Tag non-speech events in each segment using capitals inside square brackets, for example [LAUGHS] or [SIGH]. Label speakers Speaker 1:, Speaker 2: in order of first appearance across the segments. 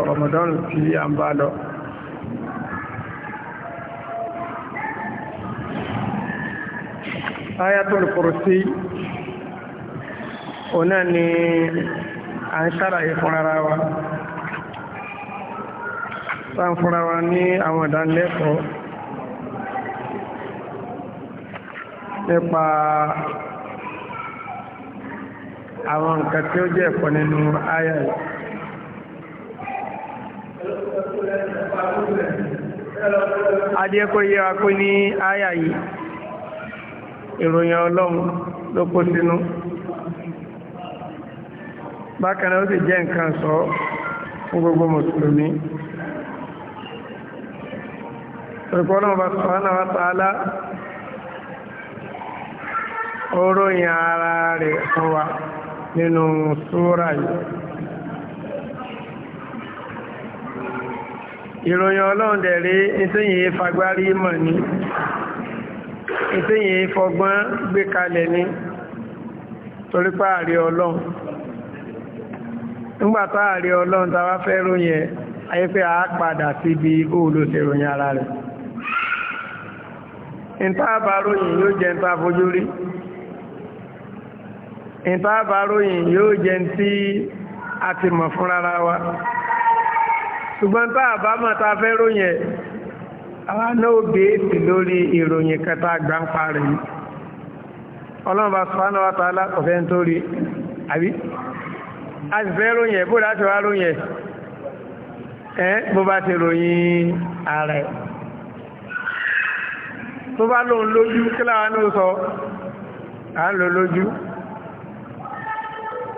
Speaker 1: Ramadan tí a ayatul kursi ona ni a ń ṣàlàyé fúnra wa sáà fúnra wa ní àwọn ìdánilẹ́kọ̀ọ́ nípa àwọn nǹkan tí ó jẹ́ ẹ̀kọ́ nínú ayà adékòyé wa kó ní àyà yìí ìròyìn ọlọ́run ló kó sínú bákan náà ó sì jẹ́ nǹkan sọ fún gbogbo mùsùlùmí ìpọ́nà ọba sọ́nà wa tààlà ó ròyìn ara rẹ̀ fún wa nínú súra yìí ìròyìn ọlọ́run dẹ̀rẹ́ ìtẹ́yìn fagbárí mọ̀ ní ìtẹ́yìn fọgbọ́n gbé kalẹ̀ ní torípa àrí ọlọ́run nígbàtá àrí ọlọ́run tàwà fẹ́ ròyìn ẹ̀ ayé pé a padà sí ibi bóòlò sí ròyìn ara rẹ̀ wa ṣùgbọ́n tá a bá mọ̀ a fẹ́ ròyìn ẹ̀ àwa náà bèèsì lórí ìròyìn kẹta gbáǹpa rẹ̀ yìí ọlọ́run bá sọ́nà wa tààlà ọ̀fẹ́ ń torí àbí a sì fẹ́ ròyìn ẹ̀ bó láti wá ròyìn ẹ̀ ẹ́ bó bá ti ròyìn ààrẹ tó bá lóun lójú kí láwa náà sọ à ń lò lójú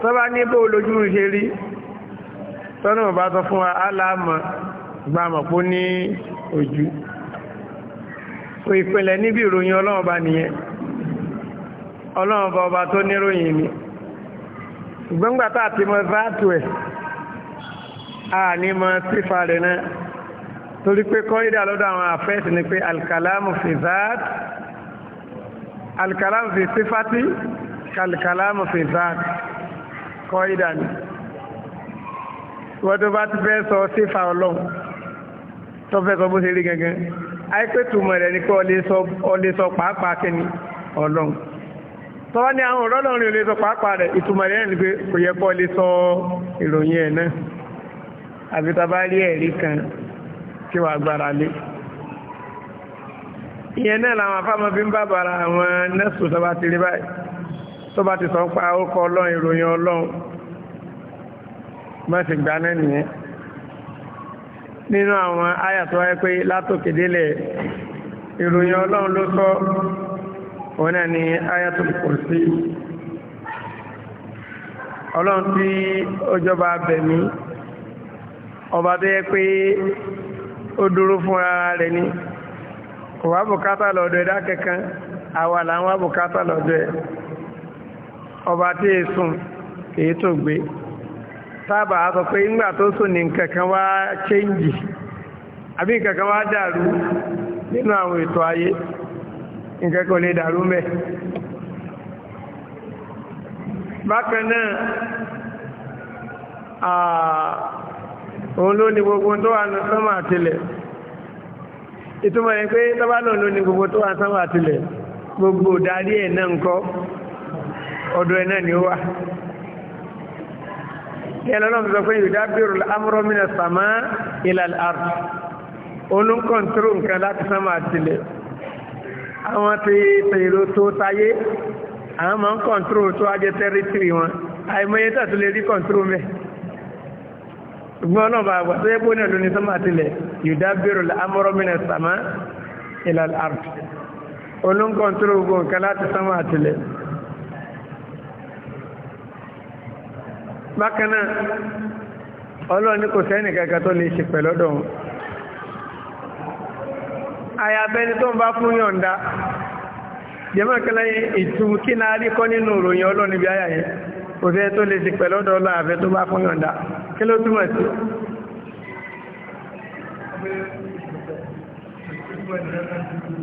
Speaker 1: tó bá ní bó lójú ṣe rí tọ́nà bá tọ́ fún wa aláàmọ̀ gbàmọ̀ pó ní ojú so ìpínlẹ̀ níbi ìròyìn ọlọ́run nìyẹn ọlọ́run ọba tó níròyìn ni ìgbọ́ngbà tá àti mọ záàtù ẹ̀ àní mọ sífà rẹ̀ náà torí pé kọ́ídà lọ́dọ̀ àwọn àfẹ́ẹ̀tì ni pé alkalamu fi záàtù alkalamu fi sífàtì kalkalamu wọ́n tó bá ti fẹ́ sọ sífà ọlọ́run tó fẹ́ sọ bó ṣe rí gangan àìpẹ́tùmọ̀ rẹ̀ ní pé ọlẹ́ sọ pàápàá kíni ọlọ́run tọ́wá ní àwọn ọ̀rọ̀ lọ́rin olè sọ pàápàá rẹ̀ ìtumọ̀ rẹ̀ ní pé kò yẹ kọ́ lè sọ ìròyìn ẹ̀ náà àbí tá bá rí ẹ̀rí kan tí wà gbára lé ìyẹn náà làwọn afámọ́ fi ń bá bàrà àwọn nẹ́sù tó bá ti rí báyìí tó bá ti sọ ń pa orúkọ ọlọ́run ìròyìn ọlọ́run mọ́sí gbaná nìyẹn nínú àwọn àyà tó wáyé pé látòkè ìròyìn ọlọ́run ló sọ òun náà ni àyà kò sí ọlọ́run tí ó bẹ̀mí ọba tó yẹ pé ó dúró fún ara rẹ̀ ni kò wá bùkátà lọ́dọ̀ ẹ̀dá kankan àwa là ń wá bùkátà lọ́dọ̀ ẹ̀ ọba tí sábà sọ pé ńgbà tó n'i ní chenji wá chẹ́ǹjì àbí nǹkankan wá dàrú nínú àwọn ètò ayé nǹkankan lè dàrú mẹ́ bákan náà òun ló gbogbo tó wà ní sánmà ni pé gbogbo tó wà ní sánmà àtìlẹ̀ yẹn lọ́nà sọ pé yòdá bẹ̀rù amúrò mìíràn sàmá ilà àrùn olùkọ́ntúrò nǹkan láti sánmà àtìlẹ̀ àwọn ti tèrò tó táyé àwọn máa ń kọ́ntúrò tó ajẹ́ tẹ́rítìrì wọn àìmọye tàtú lè rí kọ́ntúrò mẹ́ ṣùgbọ́n náà bá wà tó yẹ bóyá lóní sánmà àtìlẹ̀ yòdá bẹ̀rù amúrò mìíràn sàmá ilà àrùn olùkọ́ntúrò gbogbo nǹkan láti sánmà àtìlẹ̀ bákaná ọlọ́run ní kò sẹ́ni kẹ́kẹ́ tó lè ṣe pẹ̀lọ́dọ̀ wọn tó ń bá fún ìtumù kí náà rí kọ́ nínú lè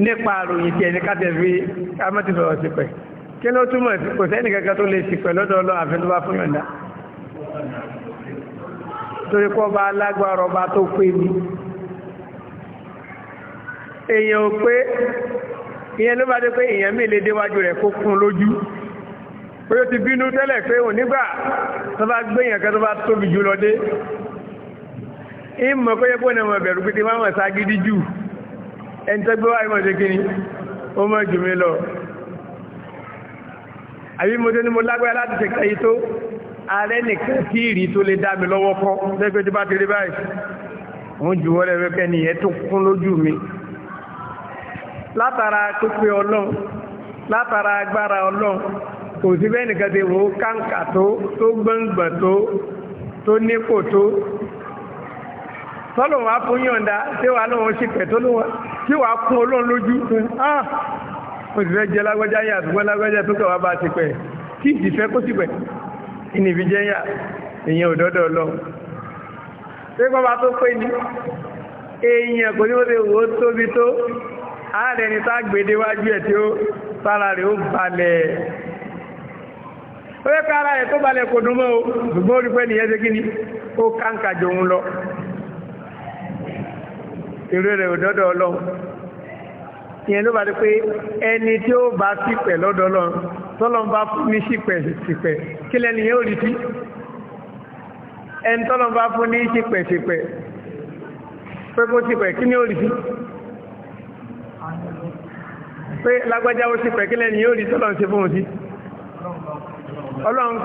Speaker 1: nípa àròyìn tí ẹni kájẹ̀ fi kámẹ́tì sọ̀rọ̀ kí ló túmọ̀ kò sẹ́ni kẹ́kẹ́ tó lè pẹ̀lọ́dọ̀ àfẹ́ tó bá fún torí kọ́ bá alágbára ọba tó pé ni èèyàn ò pé ìyẹn ló bá dé pé èèyàn mí lè déwájú rẹ̀ kó kún lójú pé ó ti bínú tẹ́lẹ̀ pé ò nígbà tó bá gbéyàn kan tó bá tóbi jù lọ dé ìmọ̀ pé yẹ́pọ̀ náà mọ̀ pé ti máa mọ̀ ságídí jù ẹni tó gbé wá ìmọ̀ ṣe kíni ó mọ̀ jù mí lọ àbí mo tó ní mo lágbára láti ṣe kẹyí tó ààrẹ nìkan tí ìrì tó lè dá mi lọ́wọ́ kọ́ lẹ́gbẹ́ tí bá ti rí báyìí wọ́n ju wọ́lẹ̀ wẹ́pẹ́ ni ẹ̀ tó kún lójú mi látara pípé ọlọ́run látara agbára ọlọ́run kò sí bẹ́ẹ̀ nìkan ti wò ó tó tó gbọ̀ngbọ̀n tó tó nípò tó tọ́lọ̀ wá fún yọ̀ǹda tí wàá lóun ṣì pẹ̀ tí wàá kún ọlọ́run lójú ah mo sì fẹ́ jẹ lágbájá yẹn àtúgbọ́n lágbájá tó kẹwàá bá ti pẹ̀ kí ìdìfẹ́ kó sì pẹ̀ ìní fi jẹ́yà èyàn òdọ́dọ̀ lọ pípọ́ bá tó pé ní èyàn kò ní ó lè wò tóbi tó ààrẹ ni tá gbèdéwájú ẹ̀ tí ó sára rẹ̀ ó balẹ̀ ó yẹ kára rẹ̀ tó balẹ̀ kò dùn o ṣùgbọ́n ó rí pé nìyẹn ṣe kí ni ó káńkà jò ń lọ èrè rẹ̀ òdọ́dọ̀ ọlọ́run ìyẹn ló bá dé pé ẹni tí ó bá sí pẹ̀ lọ́dọ̀ ọlọ́run tọ́lọ́n bá fún ní ṣìpẹ̀ ṣìpẹ̀ kí lẹ́ni yóò rí tí ẹni tọ́lọ́n bá fún ní ṣìpẹ̀ ṣìpẹ̀ pé kí ni yóò rí tí pé lágbájá ó ṣìpẹ̀ kí lẹ́ni yóò rí tọ́lọ́n ṣe fún sí ọlọ́run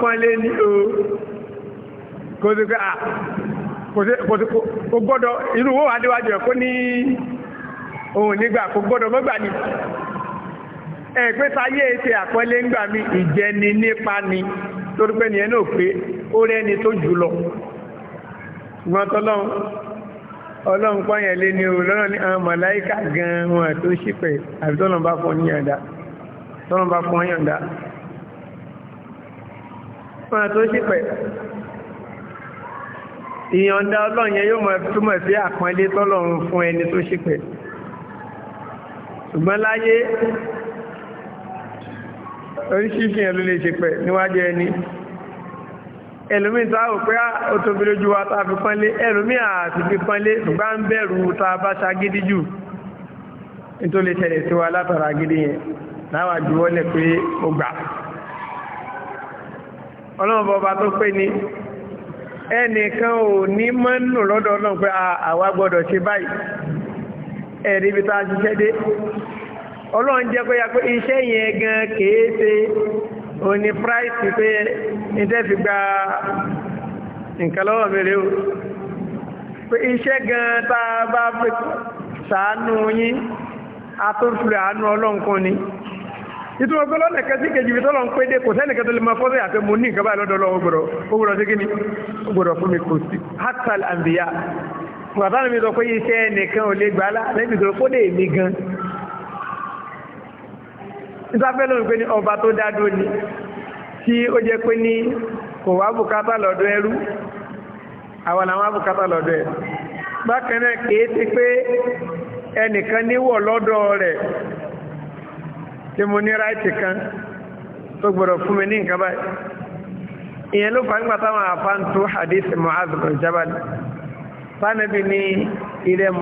Speaker 1: kan ẹ̀gbẹ́sayé ètè àpẹẹlẹ ń gbà mí ìjẹni nípa ni torí pé nìyẹn náà pé ó ni tó jù lọ ṣùgbọ́n tọ́lọ́run ọlọ́run pọ́yẹ̀ lé ní o lọ́rọ̀ ní àwọn màláíkà gan wọn tó ṣípẹ̀ àbí tọ́lọ́run bá fọ́ níyànda tọ́lọ́run bá fọ́ níyànda wọn tó ṣípẹ̀ ìyànda ọlọ́run yẹn yóò máa túmọ̀ sí àpọ́nlé tọ́lọ́run fún ẹni tó ṣípẹ̀ ṣùgbọ́n láyé oríṣiríṣi ẹ̀ ló lè ṣe pẹ̀ níwájú ẹni ẹlòmí táwò pé ah, ó tóbi lójú wa tá fi pánlé ẹlòmí àti fi pánlé ṣùgbá ń bẹ̀rù ta bá ṣagídí jù nítorí ṣẹlẹ̀ sí wa látara gidi yẹn láwà jùwọ́lẹ̀ pé ó gbà ọlọ́run bọba tó pé ní ẹnìkan ò ní mọ́nù lọ́dọ̀ ọlọ́run pé ah, àwa gbọ́dọ̀ ṣe báyìí ẹ̀rí ibi tá ṣiṣẹ́ dé ọlọ́run jẹ́ kó yá pé iṣẹ́ yẹn gan kèé ṣe òní price pé níṣẹ́ fi gba nǹkan lọ́wọ́ o pé iṣẹ́ gan tá a bá fi ṣàánú yín àánú ni ìtún ọgbẹ́ lọ́nà kẹsí kejì fi tọ́lọ̀ pé dé kò lè máa fọ́sẹ̀ àti mo ní lọ́dọ̀ lọ́wọ́ ó sí kíni ó fún mi kò sí mi sọ pé iṣẹ́ nìkan ò lè gbà ìtafẹ́ lórí pé ní ọba tó ni tí ó jẹ́ pé ní kò wá bùkátà lọ́dọ̀ ẹrú àwọn àwọn bùkátà lọ́dọ̀ ẹ̀ bákan náà kìí ti pé ẹnìkan níwọ̀ lọ́dọ̀ rẹ̀ tí mo ní ráìtì kan tó gbọ́dọ̀ fún mi ní nǹkan báyìí ìyẹn ló fà nígbà táwọn hadith ilẹ̀ ń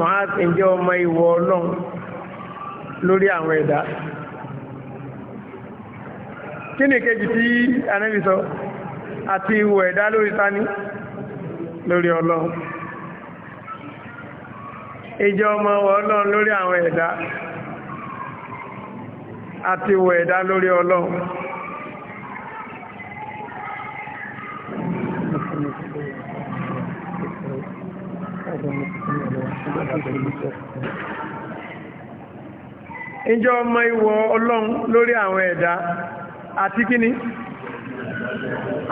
Speaker 1: jẹ́ ọmọ ìwọ̀ ọlọ́run kí ni kejì tí anábì sọ àti ìwò ẹ̀dá lórí tání lórí ọlọ́run ìjọ ọmọ ọlọ́run lórí àwọn ẹ̀dá
Speaker 2: àti ìwò ẹ̀dá lórí ọlọ́run
Speaker 1: ìjọ ọmọ àwọn ẹ̀dá àti kíni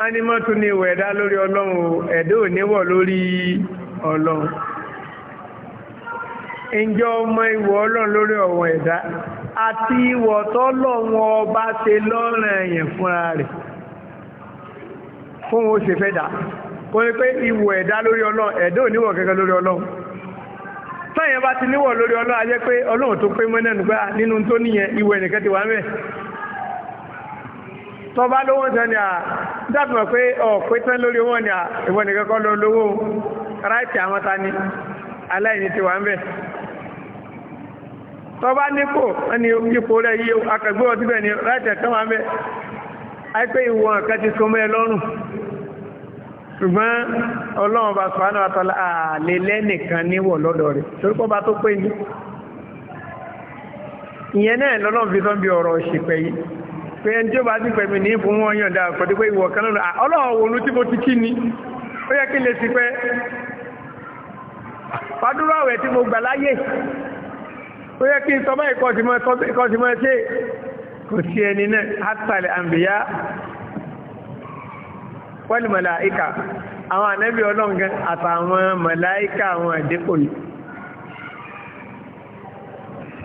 Speaker 1: a ní mọ́tún ní ìwọ̀ ẹ̀dá lórí ọlọ́run ẹ̀dá ò níwọ̀ lórí ọlọ́run ìjọ ọmọ ìwọ̀ ọlọ́run lórí ọ̀wọ̀n ẹ̀dá àti ìwọ̀ tọ́lọ́wọ́n ọba ṣe lọ́rùn ẹ̀yìn fúnra rẹ̀ fún oṣù fẹ́ dà kò ní pé ìwọ̀ ẹ̀dá lórí ọlọ́run ẹ̀dá ò níwọ̀ kẹ́kẹ́ lórí ọlọ́run táyẹn bá ti níwọ̀ lórí ọlọ́run a pé ọlọ́run tó pé mọ́ nínú tó níyẹn ìwọ̀ ẹnìkan ti wà mẹ́ẹ̀ tó bá lówó tán ni à dábìmọ̀ pé ọ̀pẹ́ tán lórí owó ni à ìwọ̀n nìkan kọ́ ló lówó ráìtì àwọn ta ni aláìní ti wà ń bẹ̀ tó bá nípò ẹni ipò rẹ̀ yí akẹgbẹ́ ọtí bẹ̀ ni ráìtì ẹ̀kan wà ń bẹ̀ àìpé ìwọ̀n kan ti so mẹ́ lọ́rùn ṣùgbọ́n ọlọ́run bá sọ ánà àtọ́lá àlè lẹ́nìkan níwọ̀ lọ́dọ̀ rẹ̀ torípọ̀ bá tó pé ní ìyẹn náà lọ́lọ́run pé ẹni tí ó bá ti pẹ̀mí ní fún wọn yọ̀ǹda pẹ̀lú pé ìwọ̀ kan lọ́nà ọlọ́run wo ló tí mo ti kí ni ó yẹ kí lè ti pẹ́ fàdúrà ọ̀rẹ́ tí mo gbà láyé ó yẹ kí n sọ báyìí kò sí ẹni náà hátàlẹ̀ àǹbìyá wọ́n lè àwọn ànẹ́bí ọlọ́run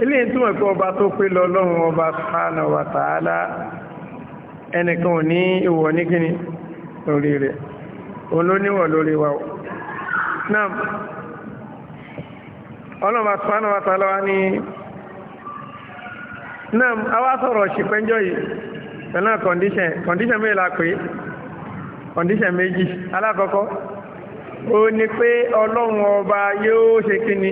Speaker 1: ilé ìtumọ̀ pé ọba tó pé lọ lọ́run ọba sánà ọba tààlá ẹnìkan ò ní ìwọ̀ ní kíni lórí rẹ̀ òun ló níwọ̀ lórí wa o náà ọlọ́ba sánà ọba tààlá wa ní náà awá sọ̀rọ̀ ṣìpẹ́njọ́ yìí pẹ̀lú kọ̀ndíṣẹ̀ kọ̀ndíṣẹ̀ méjì la pé kọ̀ndíṣẹ̀ méjì alákọ̀ọ́kọ́ ó ní pé ọlọ́run ọba yóò ṣe kíni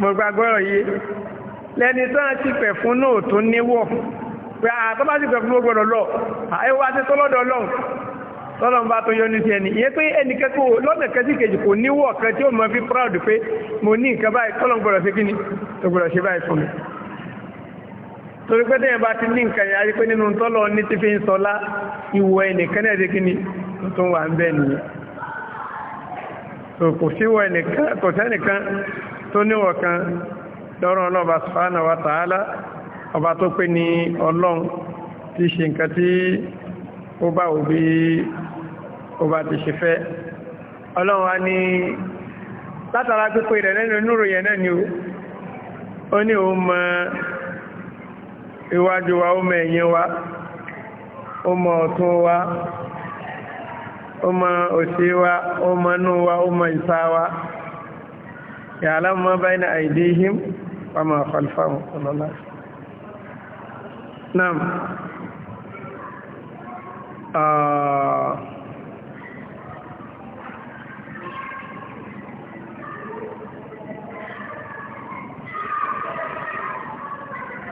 Speaker 1: mo gbàgbọ́rọ̀ yé lẹ́ni tó ti pẹ̀ fún náà tó níwọ̀ pé àtọ́ bá ti pẹ̀ fún gbọ́dọ̀ lọ àìwọ́ àti tó lọ́dọ̀ ọlọ́run tọ́lọ́run bá tó yọ ní ti ẹni ìyẹn pé ẹnìkan kò lọ́nà kẹsí kejì kò níwọ̀ kan tí ó mọ fi proud pé mo ní nǹkan báyìí tọ́lọ́run gbọ́dọ̀ ṣe kíni tó gbọ́dọ̀ ṣe báyìí fún mi torí pé tọ́lọ́ tó níwọ̀n kan lọ́rọ̀ ọlọ́ọ̀bá sùfánà wa tààlà ọba tó pé ní ọlọ́run ti ṣe nǹkan tí ó bá òbí ọba ti ṣe fẹ́ ọlọ́run wa ní látara rẹ̀ lẹ́nu inúrò yẹn ni ó ní òun mọ iwájú wa ó mọ ẹ̀yìn wa ó mọ ọ̀tún wa ó mọ òsì wa ó mọ inú wa ó ya'lamu ma bayna aydihim wa ma khalfahum ọlọ́lá naam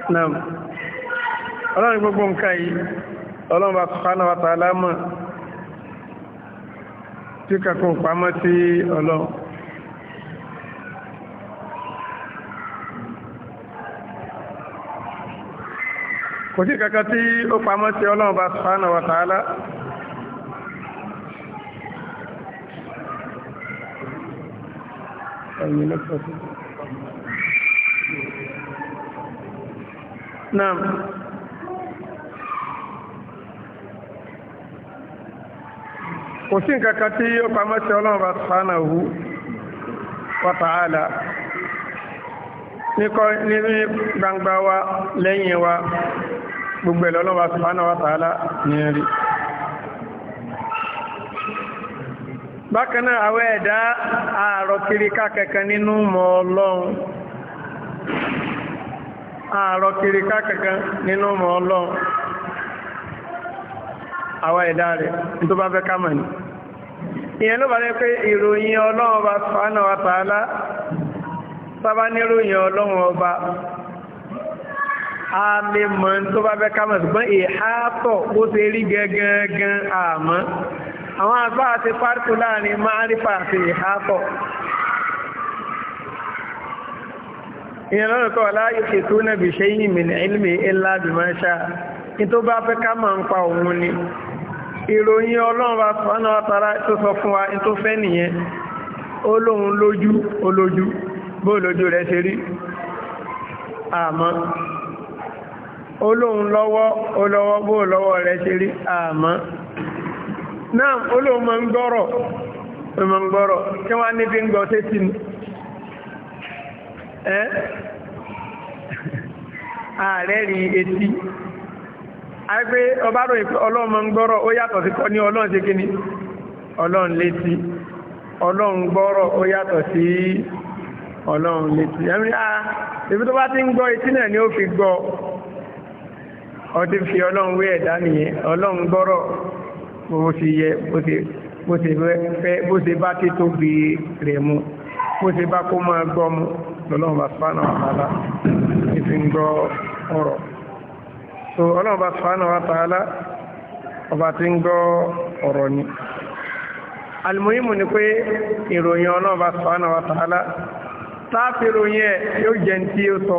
Speaker 1: naam ọlọ́run gbogbo nǹkan yìí ọlọ́run bá subhanahu wa ta'ala mọ̀ tí kàkùn pamọ́ sí ọlọ́run
Speaker 2: kò sí kankan tí ó pamọ́ sí ọlọ́run bá subhanahu wa ta'ala Naam. Kò sí nǹkankan tí
Speaker 1: ó pamọ́ sí ọlọ́run bá subhanahu wa ta'ala ní gbangba wa lẹ́yìn wa gbogbo ẹ̀lọ́ lọ́wọ́ subhanahu wa ta'ala ní ẹ̀rí bákanáà àwẹ́ ẹ̀dá ààrọ̀ kiri kákẹ̀kẹ́ nínú mọ́ ọlọ́run ààrọ̀ kiri kákẹ̀kẹ́ nínú mọ́ ọlọ́run àwẹ́ ẹ̀dá rẹ̀ tó bá fẹ́ kámọ̀ ní ìyẹn ló bá rẹ̀ pé ìròyìn ọlọ́run ọba subhanahu wa ta'ala sábá àmì mọ̀ tó bá fẹ́ ká mọ̀ ṣùgbọ́n ìhátọ̀ bó ṣe rí gangan àmọ́ àwọn àbá àti párkù láàrin máàrífà àti ìhátọ̀ ìyẹn lọ́nà kọ́ láyé ètò nàbì ṣe yìí min ilmi illa bima sha ní tó bá fẹ́ ká ń pa òun ni ìròyìn ọlọ́run bá sọ fún wa ní tó fẹ́ nìyẹn olóhun lójú olójú bó lójú rẹ̀ ṣe rí àmọ́ olóhun lọ́wọ́ olówó bó lọ́wọ́ rẹ̀ ṣe rí àmọ́ náà olóhun ma ń gbọ́rọ̀ ma ń gbọ́rọ̀ wọ́n ń ẹ́ ààrẹ rí etí ọbárò ma ń ó yàtọ̀ sí kọ́ ní ni létí ó yàtọ̀ sí létí ẹ̀mí ibi tó bá ti ń etí náà ni ó ti fi ọlọ́run wé ẹ̀dá nìyẹn ọlọ́run gbọ́rọ̀ bó ṣe yẹ bó ṣe fẹ́ bó ṣe bá ti tóbi rẹ̀ mu bó ṣe bá kó máa gbọ́ mu lọ́lọ́run bá sùpánà àtàlá ìfi ń gbọ́ ọ̀rọ̀ so ọlọ́run bá sùpánà àtàlá ọba ti ń gbọ́ ọ̀rọ̀ ni almuhimu ni pé ìròyìn ọlọ́run bá sùpánà àtàlá táàfin ìròyìn ẹ̀ yóò jẹ́ ní tí ó sọ.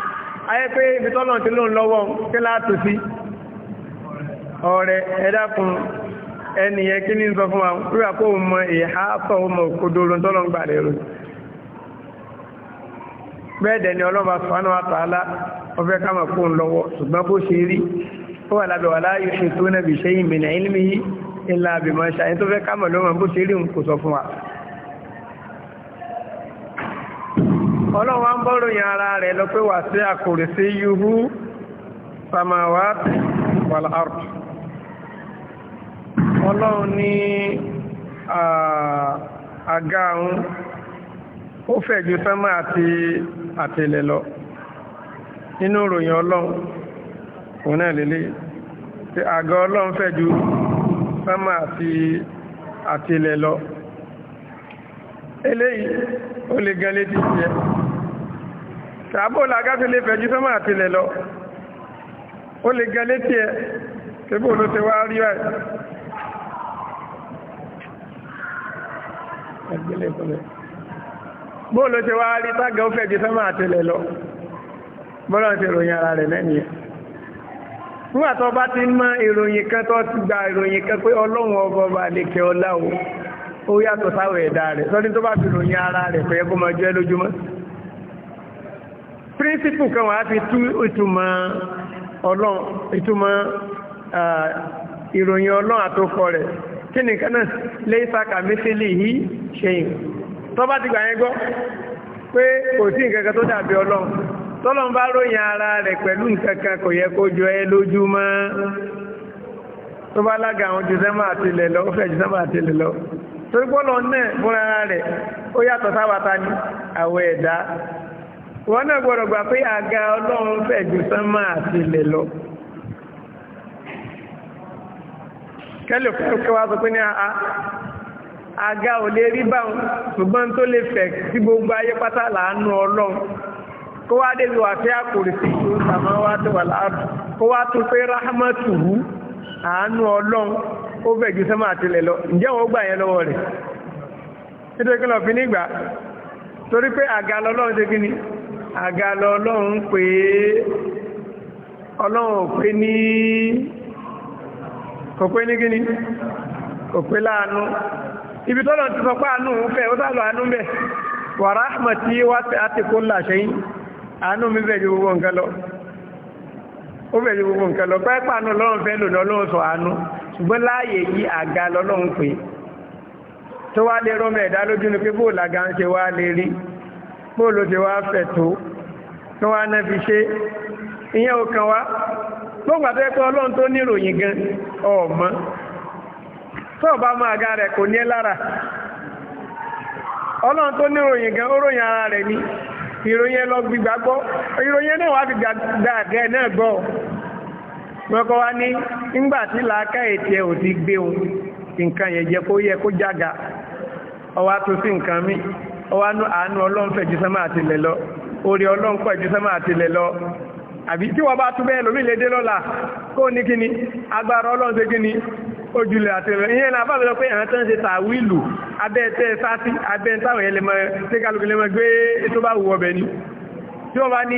Speaker 1: ayé pé ibi tọ́lọ̀ tí ló ń lọ́wọ́ kí látò sí ọ̀rẹ́ ẹ̀dàkùn ẹniyẹ kí ní sọ fún wa wíwà kó o mọ ìhá sọ o mọ òkúdóró tọ́lọ̀ ń gbà lérò bẹ́ẹ̀dẹ̀ ni ọlọ́ba sọ́nà àtàlá ọfẹ́ kama kó ń lọ́wọ́ ṣùgbọ́n wà láyé ṣe náà bí ṣe yìí ilmi ilá àbìmọ̀ tó fẹ́ kama lọ́wọ́ bó ṣe rí ń kò sọ fún wa ọlọ́wà ń bọ́ ròyìn ara rẹ̀ lọ pé wà sí àkòrè sí yuhu samawat wal ard ọlọ́run ní àga ọ̀hún ó fẹ̀ ju sánmà àti àtẹlẹ̀ lọ nínú ròyìn ọlọ́run òun náà lélẹ̀ àga ọlọ́run fẹ̀ ju sánmà àti àtẹlẹ̀ lọ. eléyìí ó lè gan létí sí ẹ tàbó làgáfi lè so sọ́mà àtìlẹ̀ lọ ó lè gan ti ẹ tébò ló ti wá rí ẹ̀ bó ló ti wá rí tágà ó fẹ̀jú lọ bọ́lá ti ròyìn ara rẹ̀ lẹ́ni ẹ̀ nígbà bá ti mọ ìròyìn kan ti gba ìròyìn kan pé ọlọ́run lè kẹ ó yàtọ̀ sáwọ̀ ẹ̀dá rẹ̀ sọ́ni tó bá fi ròyìn ara rẹ̀ pẹ̀yẹ kó máa jẹ́ lójúmọ́ príncipù kan wà á fi tú ìtumọ̀ ọlọ́run ìtumọ̀ ìròyìn ọlọ́run àtòkọ rẹ̀ kí nìkan náà lẹ́yìn sáka mísílì yìí ṣẹ̀yìn tó bá ti gbà yẹn gbọ́ pé kò sí nǹkan kan tó dàbí ọlọ́run tọ́lọ́n bá ròyìn ara rẹ̀ pẹ̀lú nǹkan kò yẹ kó jọ ẹ́ lójúmọ́ tó bá lága àwọn jùsẹ́mà àti ilẹ̀ lọ jùsẹ́mà àti ilẹ̀ lọ torí bọ́lọ̀ náà fúnra rẹ̀ ó yàtọ̀ sáwàta ní àwọ̀ ẹ̀dá wọ́n náà gbọ́dọ̀ gbà pé àga ọlọ́run fẹ̀ ju sánmà àti ilẹ̀ lọ kẹ́lẹ̀ kẹwàá sọ pé ní àá àga ò lè rí báwọn ṣùgbọ́n tó lè fẹ̀ sí gbogbo ayé pátá làánú ọlọ́run kó wá débi wà fẹ́ àkòrè sí ìlú tó wà kó ó fẹ́ ju sẹ́mà ǹjẹ́ wọ́n gbà yẹn lọ́wọ́ rẹ̀ kí lọ fi nígbà torí pé àga lọ́lọ́run ṣe kíni àga lọ́lọ́run pé ọlọ́run pé ibi tọ́lọ̀ ti sọ pé àánú ń fẹ́ ó sálọ àánú mẹ́ wa rahmati wasi'at kulla shay àánú mi fẹ́ ju gbogbo nǹkan lọ ó fẹ́ ju gbogbo nǹkan lọ sọ àánú ṣùgbọ́n yí àga lọ́lọ́run pé tó wá lè rọ́mọ̀ ẹ̀dá lójú ní pé bóòlù àga ń ṣe wá lè rí bóòlù ti wá ṣe wá gbogbo ọlọ́run tó níròyìn gan ọ̀mọ́ tó bá mọ àga rẹ̀ kò ní lára ọlọ́run tó níròyìn ara rẹ̀ ìròyìn lọ ìròyìn náà wá fi gbàgbà náà gbọ́ mọ́kọ́ wá ní ńgbàtí làákà ètì ẹ̀ ò ti gbé ohun nǹkan yẹn jẹ́ kó yẹ kó jága ọwá tó sí nǹkan mi ọwá nú àánú ọlọ́run fẹ̀ ju sánmà àti lẹ̀ lọ orí ọlọ́run pẹ̀ ju sánmà àti lẹ̀ lọ àbí tí wọ́n bá tún bẹ́ẹ̀ lómi lédè lọ́la kó ní kíni agbára ojúlẹ̀ àti ìyẹn náà fàbẹ̀lọ pé àwọn tán ṣe tàwílù abẹ́ẹ̀tẹ́ sáti abẹ́ẹ̀tàwẹ̀ ẹlẹ́mọ̀ tí kálùkù lẹ́mọ̀ gbé tó bá wù ọbẹ̀ ni tí wọ́n bá ní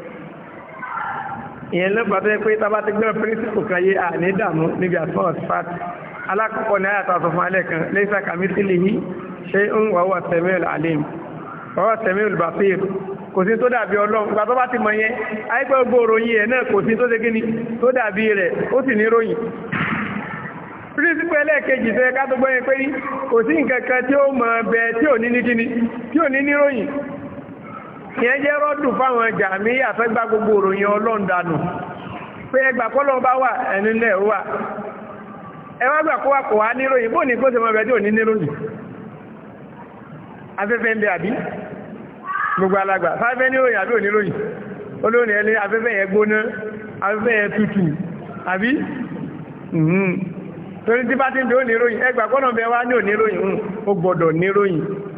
Speaker 1: ìyẹn ló pàtó pé tábà ti gbọ́ píríncípù kan yé àní dààmú níbi àtúmọ̀ sífàt alákọ̀ọ́kọ́ ní àyàtọ̀ sọ fún alẹ́ kan lẹ́sà kamithlihi shay'un wa huwa samiul alim wa huwa samiul basir kò sí tó dàbí ọlọ́run gbà tó bá ti mọ̀ yẹn àìpẹ́ gbogbo òròyìn ẹ̀ náà kò sí tó dégé ni tó dàbí rẹ̀ ó sì ní ròyìn pírísípù ẹlẹ́ẹ̀kejì fẹ́ ká tó gbọ́yẹn pé kò sí nǹkan kan tí ó mọ̀ bẹ́ẹ̀ tí ò ní ní kíni tí ò ní níròyìn ìyẹn jẹ́ rọ́dù fáwọn ẹjà mi àfẹ́ gba gbogbo òròyìn ọlọ́run dànù pé ẹgbà kọ́lọ́ bá wà ẹni náà wà ẹ wá gbà kó wà kó wá níròyìn bó ní kó ṣe mọ ẹbẹ tí ò ní níròyìn afẹ́fẹ́ ń bẹ àbí gbogbo alàgbà fáfẹ́ níròyìn àbí oníròyìn olóòrìn ẹni afẹ́fẹ́ yẹn gbóná afẹ́fẹ́ yẹn tutù àbí torí tí bá ti ń bẹ oníròyìn ẹgbà kọ́nà bẹ wá ní oníròyìn ó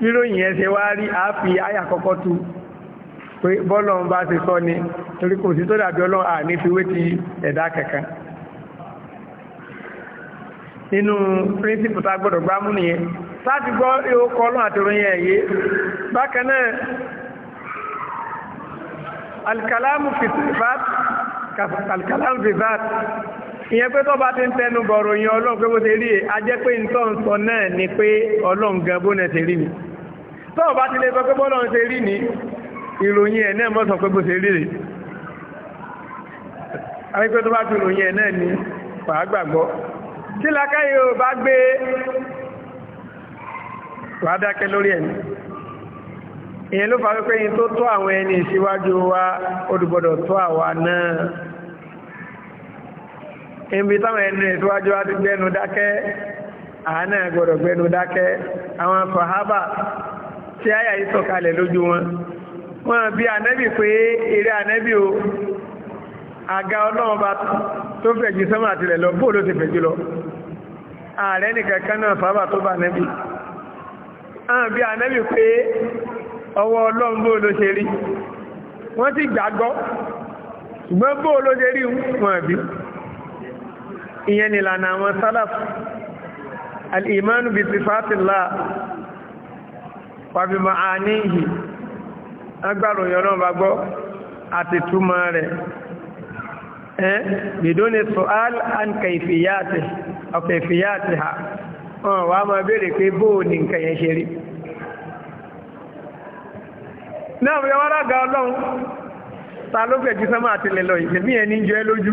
Speaker 1: níròyìn ẹsẹ̀ wá rí àáfi àyà kọ́kọ́ tu pé bọ́lọ̀ ń bá ti sọ ni torí kò sí tó dàbí ọlọ́run àní fi wé ti ẹ̀dá kankan nínú píríncípù tá gbọ́dọ̀ gbámú nìyẹn láti gbọ́ ìhókọ ọlọ́run àtòròyìn ẹ̀yẹ bákan náà alkalamu fi sifat alkalamu fi sifat ìyẹn pé tó bá ti ń tẹnu bọ̀rọ̀ yẹn ọlọ́run pé bó ṣe rí e a jẹ́ pé nítọ́ ń sọ náà ni pé ọlọ́run gan bó náà ṣe rí ni tó bá ti lè sọ pé bọ́lọ́run ṣe rí ni ìròyìn ẹ̀ náà mọ́ pé bó ṣe rí rè àti pé tó bá ti ìròyìn ẹ̀ náà ni wàá gbàgbọ́ tí làákàyè ò bá gbé wàá dákẹ́ lórí ẹ̀ ìyẹn ló fà wípé yín tó tó àwọn ẹni ìṣíwájú wa ó dùgbọ́dọ̀ àwa náà ibi táwọn ẹni ìtúwájú wá ti gbẹnu dákẹ́ àánà gbọdọ̀ gbẹnu dákẹ́ àwọn sàhábà tí àyà yìí sọ̀kalẹ̀ lójú wọn wọn bí ànábì pé eré ànábì o àga ọlọ́run bá tó fẹ̀jú sọ́mà àtìlẹ̀ lọ bóòlù ti fẹ̀jú lọ ààrẹ nìkan kan náà sàhábà tó bá ànábì àwọn bí ànábì pé ọwọ́ ọlọ́run bóòlù ṣe rí wọ́n ti gbàgbọ́ ṣùgbọ́n bóòlù ṣe rí wọn bí ìyẹn nìlànà àwọn salaf al'imanu bi sifatillah wàbí ma'anihi agbára òyìnbó bá gbọ́ àti túmọ̀ rẹ̀ ẹ́ bidoni su'al an kaifiyati aw kaifiyatiha wọn wá máa béèrè pé bóò ní nǹkan yẹn náà wọ́n yọ ọlọ́run ta ló fẹ̀ jù sánmà àtìlẹ̀ lọ ẹni jẹ́ lójú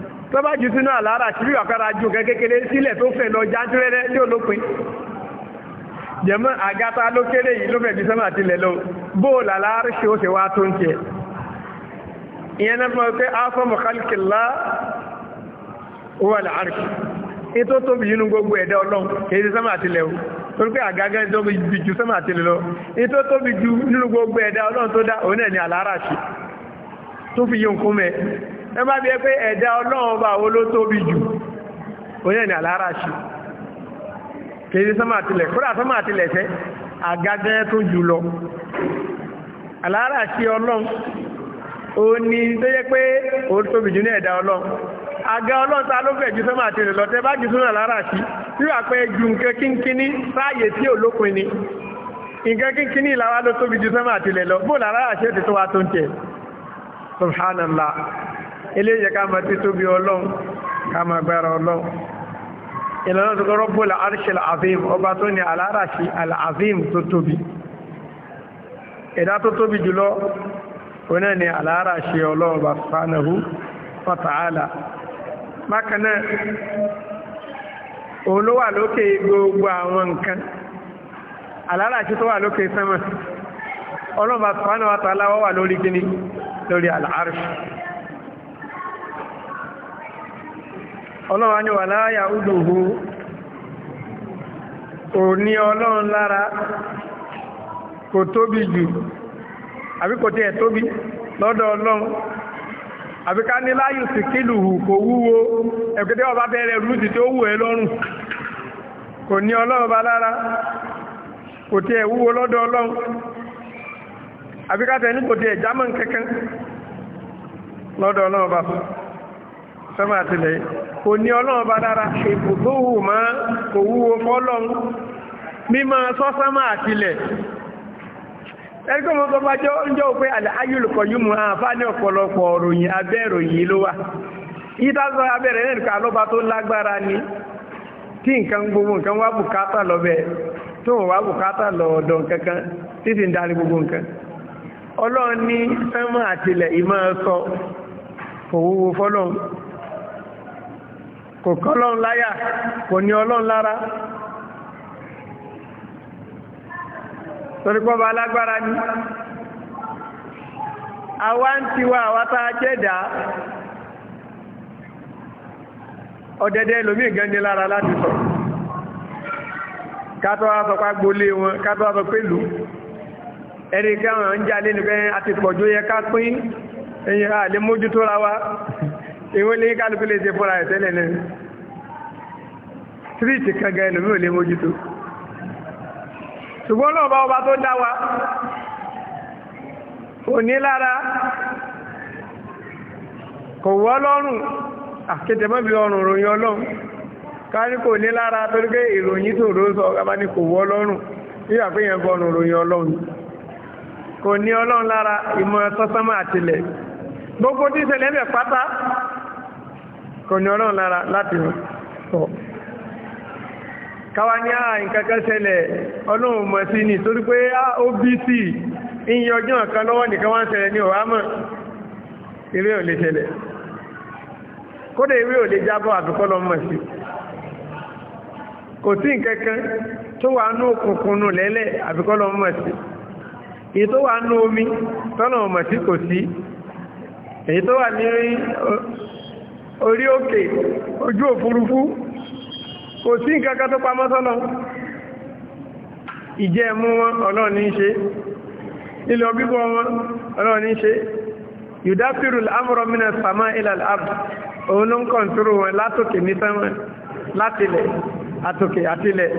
Speaker 1: tó bá jù sínú àlàárà tí bí wàkàrà jù kékeré sílẹ̀ tó fẹ̀ lọ jántúrẹ́rẹ́ tí ó lópin jẹ̀mọ́ àgátá ló kéré yìí ló fẹ̀ bí sọ́mà tilẹ̀ lọ bóòlù àlàárì ṣe ó ṣe wá tó ń tiẹ̀ ìyẹn náà fún ọ pé afọ mọ̀kálìkìlá wà láàárì ètò tóbi yínú gbogbo ẹ̀dá ọlọ́run tó fi yí nǹkan mẹ́ ẹ má bí ẹ pé ẹ̀dá ọlọ́run bá wo ló tóbi jù oníyàn ní àlára ṣe kèsì sọ́mà àtìlẹ̀ kúrò àsọ́mà àtìlẹ̀ sẹ́ àgágẹ́ tó jù lọ àlára ṣe ọlọ́run ó ní tó yẹ pé ó tóbi jù ní ẹ̀dá ọlọ́run àga ọlọ́run ta ló fẹ̀ ju sọ́mà àtìlẹ̀ lọ tẹ́ bá jù sọ́mà àlára ṣe wíwà pé ju nǹkan kínkínní sáàyè tí ò ni nǹkan kínkínní ìlàwà ló tóbi ju sọ́mà àtìlẹ̀ lọ bó làlára ṣe ti tó wa tó ń tẹ̀ subhanallah eléyìí ká máa títóbi ọlọ́run ká máa gbára ọlọ́run ìlànà tó kọ́rọ́ bó l'arṣil azim ọba tó ní aláràṣí al'azim tó tóbi ẹ̀dá tó tóbi jùlọ oná ni aláràṣí ọlọ́ọba subhanahu wa ta'ala bákanáà òun ló wà lókè gbogbo àwọn nǹkan aláràṣí tó wà lókè sánmà ọlọ́ọba subhanahu wa ta'ala wà lórí gíní lórí al'arṣi ọlọ́run ni wà láyà údòhù ò ní ọlọ́run lára kò tóbi jù àbí kò tí ẹ̀ tóbi lọ́dọ̀ ọlọ́run àbí ká ní láyù sí kílùhù kò wúwo ẹ̀kẹ́tẹ́ ọba bẹ̀rẹ̀ rúdì tí ó wù ẹ lọ́rùn kò ní ọlọ́run bá lára kò tí ẹ̀ wúwo lọ́dọ̀ ọlọ́run àbí ká tẹ̀ ní kò tí ẹ̀ lọ́dọ̀ ọlọ́run bá fún sọ́mà àtìlẹ̀ kò ní ọlọ́run bá dára má sọ àtìlẹ̀ ẹgbẹ́ bá pé yìí ọ̀pọ̀lọpọ̀ ròyìn abẹ́ ló wà ìtàzọ abẹ́rẹ́ náà lọ́ba tó lágbára tí nǹkan gbogbo nǹkan wá bùkátà tó wà bùkátà títí ń darí gbogbo nǹkan ọlọ́run ní sọ fọ́lọ́run kò kọ́lọ́n láyà kò ní ọlọ́n lára torípọ́ bá lágbára ní àwa ń tiwa àwátá jẹ́dà ọ̀dẹ̀dẹ̀ lómi ìgẹ́ni lára láti sọ kátọ́ àfọ́pá wọn kátọ́ àfọ́ ẹni kẹwọn ń jà lẹ́nu àti yẹ ká pín ẹ̀yìn ra wa ìwé lè kálukú lè ṣe fúnra ẹ̀ tẹ́lẹ̀ náà tíríìtì kan gan ẹlòmí ò lè mójútó ṣùgbọ́n náà bá ọba tó dá wa kò ní lára kò wọ́ lọ́rùn àkẹtẹ̀mọ́bí ọrùn ròyìn ọlọ́run kárí kò ní lára torí pé ìròyìn tó rò sọ ọ̀gá bá ní kò wọ́ lọ́rùn nígbà pé yẹn bọ́ọ̀nù ròyìn ọlọ́run kò ní ọlọ́run lára ìmọ̀ ẹ̀tọ́ àtìlẹ̀ gbogbo tí ìṣẹ̀lẹ̀ mẹ́ pátá kò ní ọlọ́run lára láti
Speaker 2: rọ̀
Speaker 1: káwa ní ah, ọlọ́run mọ̀ sí ni torí pé obc ah, iye ọjọ́ kan lọ́wọ́ nìkan wá ń ṣẹlẹ̀ ní ọ̀hámọ̀ eré ò lè ṣẹlẹ̀ kódé eré ò lè jábọ̀ àbíkọ́lọ́ mọ̀ sí kò sí omi mọ̀ sí kò sí orí òkè ojú òfurufú kò sí nǹkankan tó pamọ́ sọ́nà ìjẹ mú wọn ọlọ́run ní ṣe ilẹ̀ ọbíbọ̀ wọn ọlọ́run ní ṣe yudafiru al'amura mina sama ila al'ab òun ló ń kọ̀ntúrò wọn látòkè ní sánmà látilẹ̀ àtòkè àtilẹ̀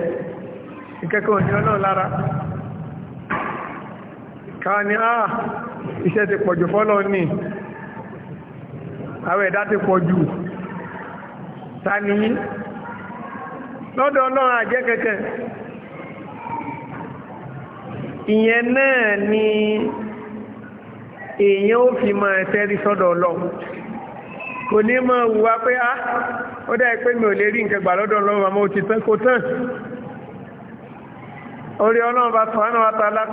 Speaker 1: ìkẹ́kọ̀ọ́ ní ọlọ́run lára káà ní àà ah, iṣẹ́ àwọn ẹ̀dá ti pọ̀ jù ta ni yín lọ́dọ̀ ọlọ́run àjẹ́ kẹ̀kẹ́ ìyẹn náà ni èèyàn ó fi máa tẹ́rí sọ́dọ̀ ọlọ́run kò ní mọ̀ wùwá pé á ah, ó dá pé mi ò lè rí nǹkan gbà lọ́dọ̀ ọlọ́run àmọ́ ó ti tán kò tán orí ọlọ́run bá tán á náà wá ta lá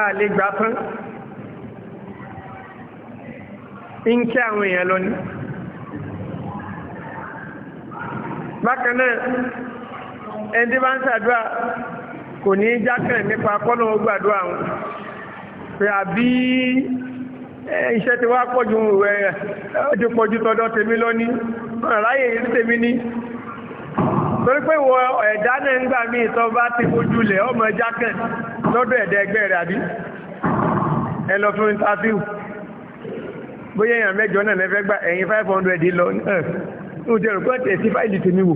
Speaker 1: á lè gbà tán. ń kí àwọn èèyàn lọ ní bákan náà ẹni tí bá ń ṣàdúrà kò ní jákẹ̀ nípa kọ́nà gbàdúrà wọn pé àbí iṣẹ́ ti wá pọ̀jù rẹ̀ ọjọ́ pọ̀jù tọ́dọ̀ tèmi lọ ní ọ̀nà láyé tèmi ní torí pé wọ ẹ̀dá náà ń gbà mí ìtọ́ bá ti lẹ̀ ọmọ jákẹ̀ lọ́dọ̀ ẹ̀dẹ́gbẹ́ àbí ẹ interview bóyá èèyàn mẹ́jọ náà lẹ́fẹ́ gbà ẹ̀yìn five hundred lọ náà ó ti rò pé ọ̀tẹ̀ sí fáìlì tèmi wò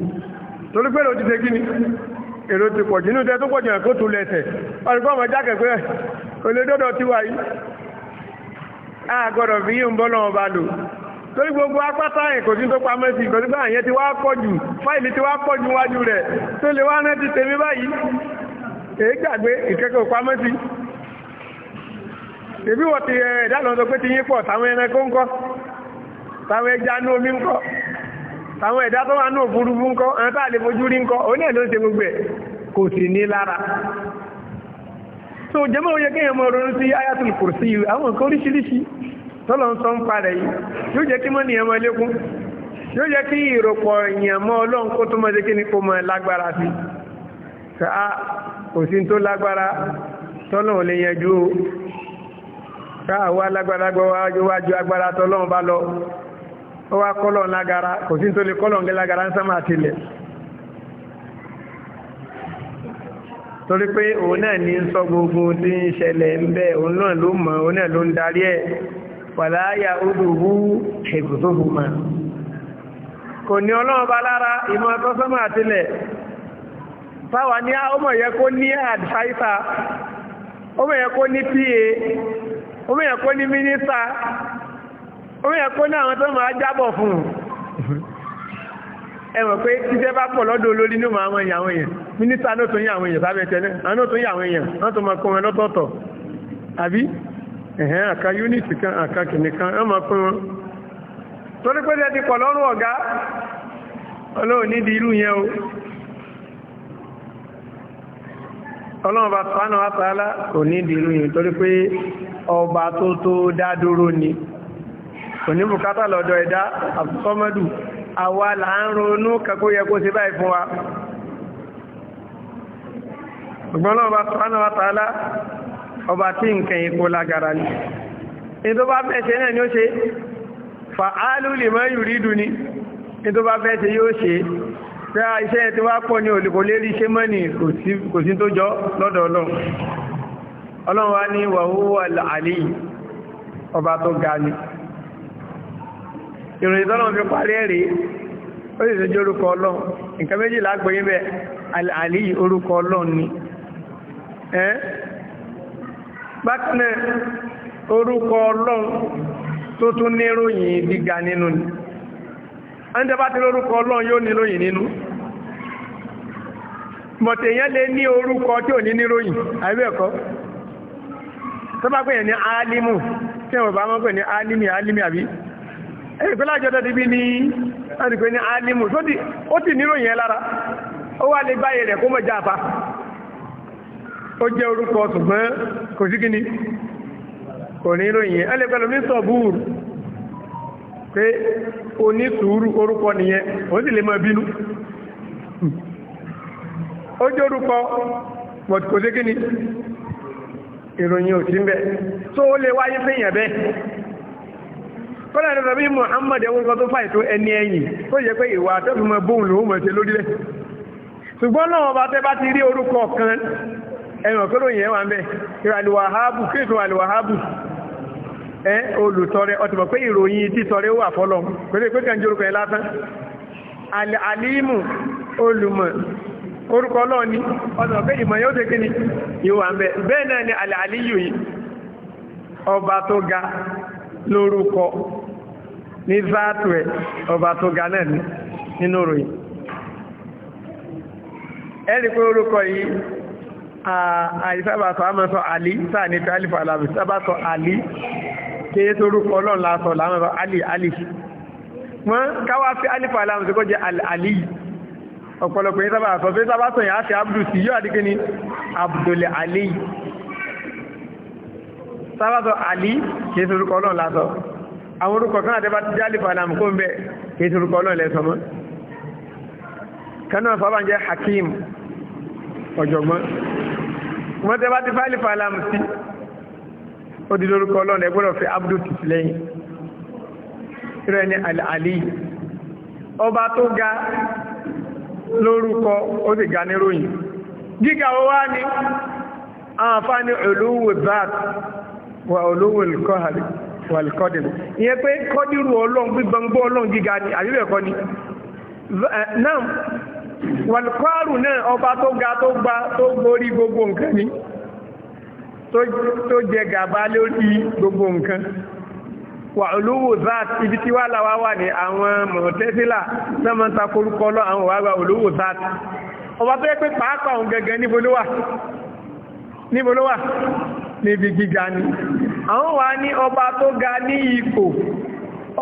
Speaker 1: torí pé èrò ti ṣe kí ni èrò ti pọ̀ jù nínú tẹ́ tó pọ̀ jù kó tó lẹ́sẹ̀ ọ̀rùkọ́ ọmọ jákè pé olódọ́dọ̀ ti wà yìí a gbọ́dọ̀ fi yí ń bọ́ lọ́wọ́ bá lò torí gbogbo apáta ẹ̀ kò sí tó pamọ́ sí ìkọ̀sí bá àyẹ́ ti wá pọ̀ jù fáìlì ti wá pọ̀ jù wájú rẹ̀ tó lè wá rántí tèmi báyìí èé gbàgbé ìkẹ́kọ̀ọ́ pamọ́ sí ebi wọ́n ti eh, ẹ̀dá lọ ka pé ti yín pọ̀ táwọn ẹranko nkọ kọ́ ẹja ní omi nkọ, kọ́ ẹ̀dá tó wà ní òfurufú ń kọ́ àwọn a lè fojú rí ń kọ́ òun náà ló ń ṣe gbogbo ẹ̀ kò sì ní lára so jẹ́mọ́ òye kéèyàn mọ ronú sí ayatul kùrùsí àwọn nǹkan oríṣiríṣi tọ́lọ̀ ń sọ ń parẹ̀ yìí yóò jẹ́ kí káàwọ́ alágbàlagbà wájú agbára tọ́lọ́run bá lọ ó wá kọ́lọ̀ lágara kò sí tó lè kọ́lọ̀ ní lágara ń sámà tilẹ̀ torí pé òun náà ní ń sọ gbogbo tí ń ṣẹlẹ̀ ń bẹ òun náà ló mọ̀ òun náà ló ń darí ẹ̀ pàláyà odòwú ẹ̀kùtòhùmá kò ní ọlọ́run bá lára ìmọ̀ tó sámà tilẹ̀ fáwa ní ọmọ yẹ kó ní àdìsáìsà ọmọ yẹ kó ní pa omi yẹn kó ní mínísà omi yẹn ní àwọn tó jábọ̀ fún un pé títẹ́ bá pọ̀ lọ́dọ̀ olórí ní ma àwọn ìyàwó èèyàn mínísà náà tó ń yàwó èèyàn sábẹ́ tẹ́lẹ̀ àwọn náà yàwó èèyàn wọ́n tó ọlọ́run bá tánà àtàlá kò ní ìdìrú yìí torí pé ọba tó tó dá dúró ni kò ní bùkátà lọ́dọ̀ ẹ̀dá àtúsọ́mọ́dù àwa là ń ronú kakó yẹ kó ṣe báyìí fún wa ṣùgbọ́n ọlọ́run bá tánà àtàlá ọba tí nǹkan ikú tí a iṣẹ́ tí wá pọ̀ ní olùkò lérí iṣẹ́ mọ́ ní kò sí tó jọ lọ́dọ̀ ọlọ́run ọlọ́run wá ní wàhúwà àlì ọba tó ga ni ìròyìn tọ́lọ́run fi parí ẹ̀rí ó sì sójú orúkọ ọlọ́run nǹkan méjì tó tún ní ìròyìn gíga nínú ni ẹni bá ti lórúkọ ọlọ́run yóò ní lóyìn nínú mọ̀tẹ̀yàn lè ní orúkọ tí ò ní níròyìn àìbẹ́ ẹ̀kọ́ tó bá pè ní alimu tí ẹ̀wọ̀n bá mọ́ pè ní alimi alimi àbí alimu ó ti ẹ lára ó wà lè rẹ̀ kó mọ̀ ó jẹ́ orúkọ ṣùgbọ́n pé onísùúrù orúkọ nìyẹn ó sì lè mọ́ bínú ó orúkọ but kò ìròyìn ò sí tó ó lè wáyé fẹ́yàn bẹ́ kọ́lá ní rọ̀bí Muhammad ẹ̀wọ́n tó fà ètò ẹni ẹ̀yìn tó yẹ pé ìwà bóun mọ̀ ṣe lórílẹ̀ ṣùgbọ́n náà ọba tẹ́ bá ti rí orúkọ kan ẹ̀wà ń ẹ́ olùtọrẹ ọtìmọ̀ pé ìròyìn títọrẹ wà fọ́lọ̀ pẹ̀lú pé kẹ́ ń jórúkọ ẹ lásán alìmù olùmọ̀ orúkọ ọlọ́ọ̀ ni ọtìmọ̀ pé ìmọ̀ yóò tẹ́kí ni ìwà ń bẹ bẹ́ẹ̀ náà ni alìyù yìí ọba tó ga lórúkọ ní záàtù ẹ̀ ọba tó ga náà nínú ròyìn ẹ̀rí pé orúkọ yìí àìsábàsọ àmọ́sọ àlì sáà ní tálífà alábì àlì kèé torúkọ ọlọ́run lásọ̀ láwọn alì alì wọ́n káwá sí alifa aláwọn tó kọ́ jẹ́ alì ọ̀pọ̀lọpọ̀ yìí sábà sọ sábà sọ yà á fi abdul sí yóò àdíkẹ́ ni abdul alì sábà sọ alì kèé torúkọ ọlọ́run lásọ̀ àwọn orúkọ kan àti bá ti jẹ́ alifa aláwọn kó ń bẹ kèé torúkọ ọlọ́run lẹ́sọ̀ hakim ọ̀jọ̀gbọ́n wọ́n tẹ́ bá ti Odi di lórúkọ ọlọ́run ẹ gbọ́dọ̀ fi abdu tìtì lẹ́yìn rẹ̀ ní àlì ọba tó ga lórúkọ ó sì ga níròyìn gíga ó wá ní àǹfààní olówó bat wà olówó ìkọ́hàlì wà ìkọ́dìmù ìyẹn pé kọ́dìrú ọlọ́run gbígbọ́ngbọ́ ọlọ́run gíga ni àríwẹ̀kọ́ ni náà wà náà ọba tó ga tó gba tó gborí gbogbo nǹkan ni tó jẹ gàba lórí gbogbo nǹkan wà olówó zat ibi tí wà láwá wà ní àwọn mọ̀tẹ́sílà sẹ́mọ́ta korúkọlọ́ àwọn wàgbà olówó zat ọba tó yẹ pé pàápàá òun gẹ́gẹ́ níbo níbi gíga ni àwọn wà ní ọba tó ga ní ipò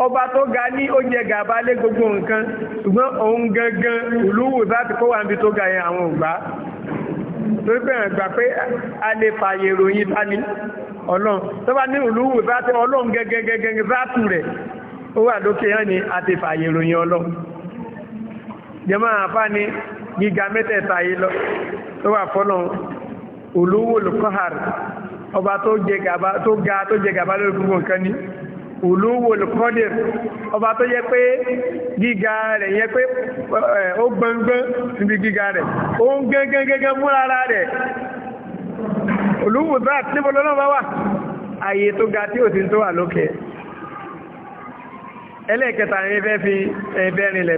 Speaker 1: ọba tó ga ní ó jẹ gàba lé gbogbo nǹkan ṣùgbọ́n òun gangan olówó zat kó wà níbi tó ga yẹn àwọn ògbà torí pé ẹ̀gbà pé a lè fààyè ìròyìn tani ọlọ́run tó bá ní ìlú wù bá tẹ ọlọ́run gẹ́gẹ́gẹ́gẹ́ bátù rẹ̀ ó wà lókè hàn ní a ti fààyè ìròyìn ọlọ́run ni gíga mẹ́tẹ̀ẹ̀ta yìí lọ tó wà fọ́nà olówó olùkọ́hàr ọba tó ga tó jẹ gàba lórí olówó olùkọ́dìr ọba tó yẹ pé gíga rẹ̀ yẹ pé ó gbọngbọ́n níbi gíga rẹ̀ ó ń gẹ́gẹ́gẹ́gẹ́ múlára rẹ̀ olówó zat níbo lọ́nà bá wà ààyè tó ga tí ò sí tó wà lókè ẹlẹ́ẹ̀kẹta ẹ̀fẹ́ fi ẹ̀fẹ́ rìnlẹ̀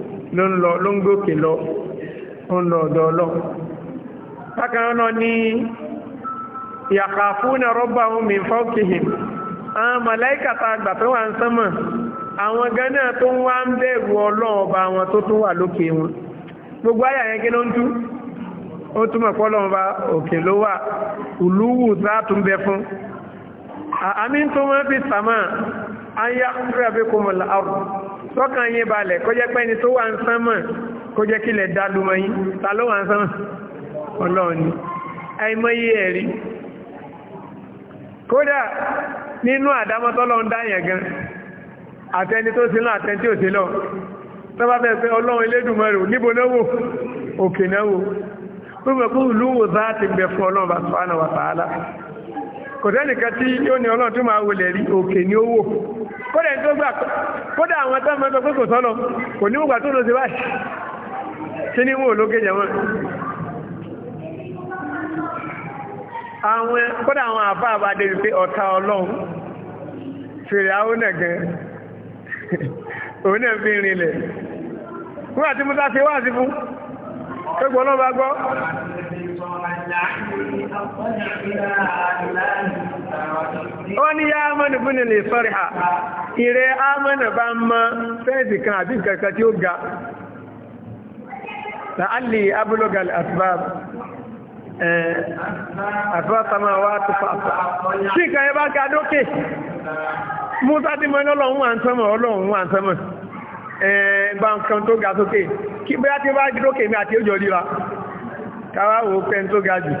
Speaker 1: ló ń lọ ló ń gòkè lọ ó ń lọ ọ̀dọ̀ náà omi fọ́kìhìn àwọn màláìkà tá a gbà tó wà ń sánmà àwọn gánà tó ń wá ń bẹ̀rù ọlọ́run wọn gbogbo àyà yẹn kí ló ń tú ó túmọ̀ ọba òkè ló wà tá a tún bẹ fún àmì tó fi sàmà sọ́kàn yín balẹ̀ kó jẹ́ pẹ́ni tó wà ń sánmọ̀ kó jẹ́ kílẹ̀ dálúmọ̀ yín ta ló wà ń sánmọ̀ ọlọ́run ni àìmọye ẹ̀rí kódà nínú àdámọ́tọ́lọ́ ń dáyẹ̀ gan àtẹni tó sílọ àtẹni tí ò sílọ tó bá bẹ̀ẹ̀ pé ọlọ́run Elédùmarè níbo náwó òkè kò sẹ́nìkan tí ó ní ọlọ́run tó máa wọlé rí òkè ní owó kódà tó gbà kódà àwọn tó máa sọ pé kò sọ́nà kò ní wùgbà tó lọ sí báyìí kí ni wọ́n lókè jẹ̀wọ́n àwọn kódà àwọn àbá àbádé ọ̀tá ọlọ́run fèrè àwọn náà gan [LAUGHS] òun náà Ka náà bá gbọ́ wọ́n ní yá mọ́nà fún ilẹ̀ sọ́rìhà ìrẹ́ ámọ́nà bá mọ́ fẹ́ẹ̀sì kan àbí kankan tí ó ga la'alli abúlọ́gà al'asbab àfẹ́sàmà eh, wá ẹgbà eh, nǹkan tó ga sókè kí bóyá tí ó bá dúrókè mi àti òjò ríra káwà wò pẹ́ tó ga jù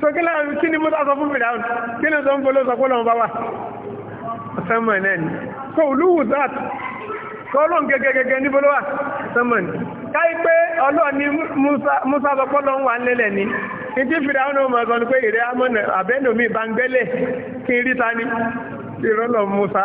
Speaker 1: tó kí láàrín kí ni mo sọ fún fìdáhùn kí ni sọ ń bolo sọpọ́lọ́ bá wà sẹ́mọ̀ náà ni so olúwù that kọ́lọ́n gẹ́gẹ́gẹ́gẹ́ ní bolo wà sẹ́mọ̀ ni káyí pé ọlọ́ọ̀ ni musa sọpọ́lọ́ wà nílẹ̀ ni ìdí fìdáhùn ọmọ ọ̀sán ni pé ìrẹ́ àbẹ́nùmí bá ń gbẹ́lẹ̀ kí n rí ta ni ìrọ́lọ̀ musa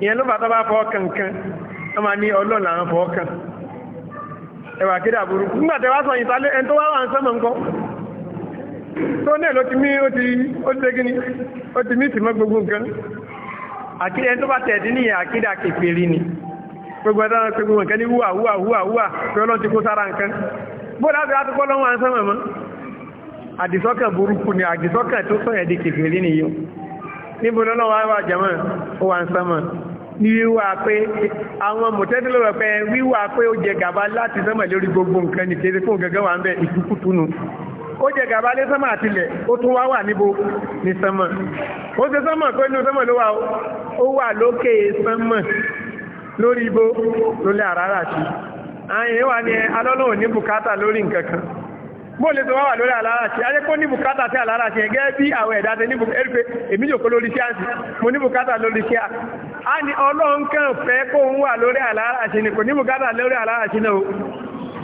Speaker 1: ìyẹn ló bá bá kankan wọ́n máa ní ọlọ́run làwọn kan ẹwà kéde àbúrú nígbà tẹ wá sọ yìí ẹni tó wá wà ń sọ́mọ̀ nǹkan tó náà ló ti mí ó ti ó ti dégíní ó ti mí ti mọ́ gbogbo nǹkan ẹni tó bá tẹ̀dí ní àkídà kékeré ni gbogbo ẹ̀dá náà gbogbo nǹkan ní wúwà wúwà wúwà wúwà pé ọlọ́run ti Ni wíwá pé àwọn mọ̀tẹ́dínlọ́wọ́ pé wíwá pé ó jẹ gàba láti sánmà lórí gbogbo nǹkan ní kéde fún gẹ́gẹ́ wà ń bẹ ìkúkútúnu ó jẹ gàba lé sánmà àtilẹ̀ ó tún wá wà níbo ní sánmà ó ṣe sánmà pé inú sánmà ló wà ó wà lókè sánmà lórí ibo lólé àrárá sí àyìn wà ní alọ́lọ́wọ́ ní bùkátà lórí nǹkan kan bó lè sọ́wọ́ wà lórí aláràṣẹ́ ajẹ́kọ́ a bùkátà sí aláràṣẹ́ gẹ́gẹ́ bí àwọn ẹ̀dá tẹ ní bùkátà èmi jòkó lórí iṣẹ́ àti mo ní lórí iṣẹ́ a ní ọlọ́run kàn fẹ́ kó ń wà lórí aláràṣẹ́ ni kò ní bùkátà lórí alara náà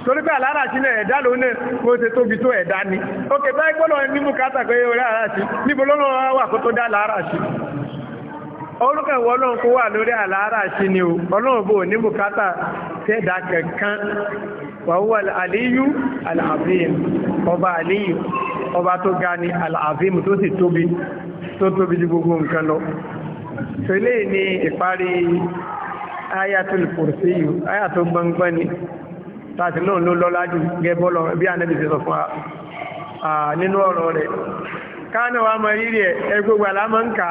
Speaker 1: torí pé náà ẹ̀dá ló ní kó ṣe tóbi tó ẹ̀dá ni ókè báyìí gbọ́dọ̀ ní alara pé orí aláràṣẹ́ níbo lọ́nà wà kó tó dá aláràṣẹ́ orúkẹ̀ wọ́n náà kó wà lórí aláràṣẹ́ ni o bò ní bùkátà wàhúwà àlíyú àlàáfíìm ọba àlíyù ọba tó ga ní àlàáfíìm tó sì tóbi tó tóbi ju gbogbo nǹkan lọ tẹ́lẹ̀ ní ìparí ayatul kùrùsí yìí ayatul gbọngbọ́n ni láti náà ló lọ́lá jù gẹ́bọ́lọ bí ànẹ́bì ti sọ fún nínú ọ̀rọ̀ rẹ̀ káàna wa mọ̀ rírì ẹ̀ ẹgbogbo àlámọ́ ń ka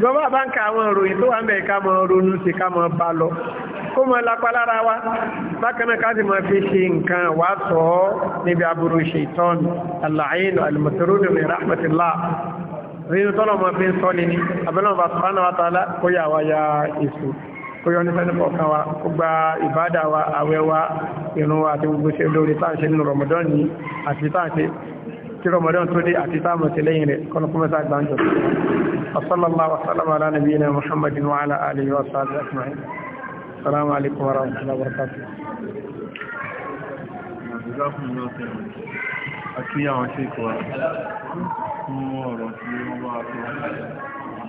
Speaker 1: gọ́bà bá ń ka àwọn ìròyìn tó wà ń bẹ̀ ká mọ̀ ronú sí ká mọ̀ bá lọ kó mọ́ lápá lára wa bákanáà káàdì máa fi ṣe nǹkan wà sọ ọ́ níbi aburú ṣaitan aláàyìn alìmọ̀tòrónì min rahmatillah rínú tọ́lọ̀ máa fi ń sọ ní ní abẹ́lẹ́ bá sọ́nà wa kó yà wá ya kó yọ ní sẹ́ni kọ̀ọ̀kan kó gba ìbádà wa àwẹ̀ wa wa àti gbogbo ṣe lórí táàṣe nínú Ramadan yìí àti táàṣe kí Ramadan tó dé àti táàmù sí lẹ́yìn rẹ̀ kọ́nà kúmọ́ السلام
Speaker 2: عليكم ورحمة الله وبركاته جزاكم الله خيرا أكيد عن شيء كويس مورو في مبارك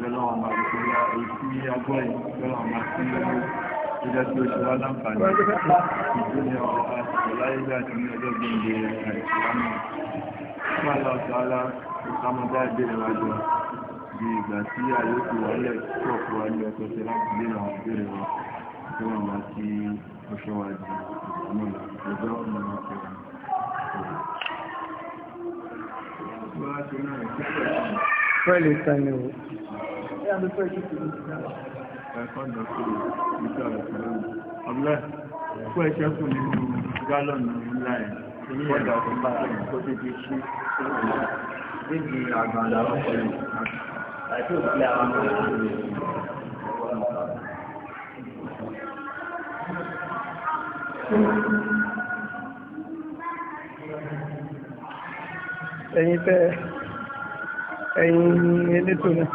Speaker 2: بلوم عليك يا إيتي يا بوي بلوم عليك إذا تشوف هذا فعلا الدنيا ولا إذا تمنى جبين دي ما الله تعالى كما ذا دي الواجب bí ìgbà tí ayé ti wáyé tó kúrò ayé ọ̀tọ̀ sí láti lé àwọn ìbéèrè wọn ìjọba wa tí ó ṣọ́wà di ìgbàmọ́lá ìjọba ọmọ ọ̀pẹ̀lá Fẹ́lẹ̀ ìtàní o. Ọ̀blẹ́ fún ẹ̀ṣẹ́ kù nínú gálọ̀nù ńlá ẹ̀ ní ẹ̀dà tó bá tó ti fi ṣí níbi àgbàlá ọ̀pẹ̀lú àti òkúlẹ̀ àwọn ọmọ ìlú.
Speaker 1: ẹ̀yin tẹ́ ẹ̀yin elétò náà.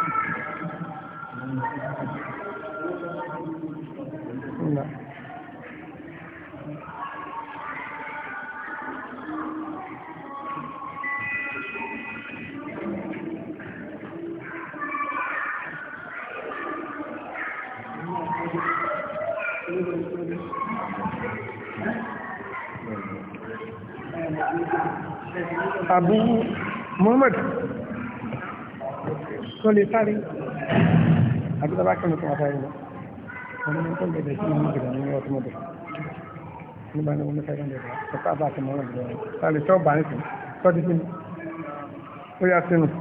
Speaker 2: Abu Muhammad
Speaker 1: tó lè sáré àbí tó bá kí nìkan àtàrí lọ wọ́n mú tó bẹ̀rẹ̀ sí ní ìgbà ní
Speaker 2: ọtí mọ́tò nígbà ní omi sáré lọ ọ̀pá bá ti mọ́ sáré tó bá ń sìn tó sínú ó yà sínú